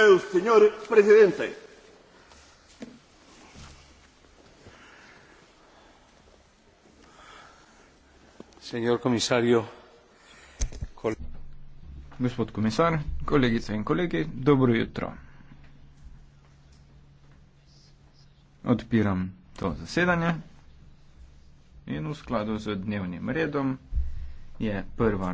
el señor presidente. Señor comisario. Gospod komisar, kolegice in kolegi, dobro jutro. Odpiram to zasedanje in v skladu z dnevnim redom je prva.